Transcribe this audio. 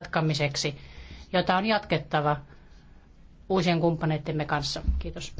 jatkamiseksi, jota on jatkettava uusien kumppaneittemme kanssa. Kiitos.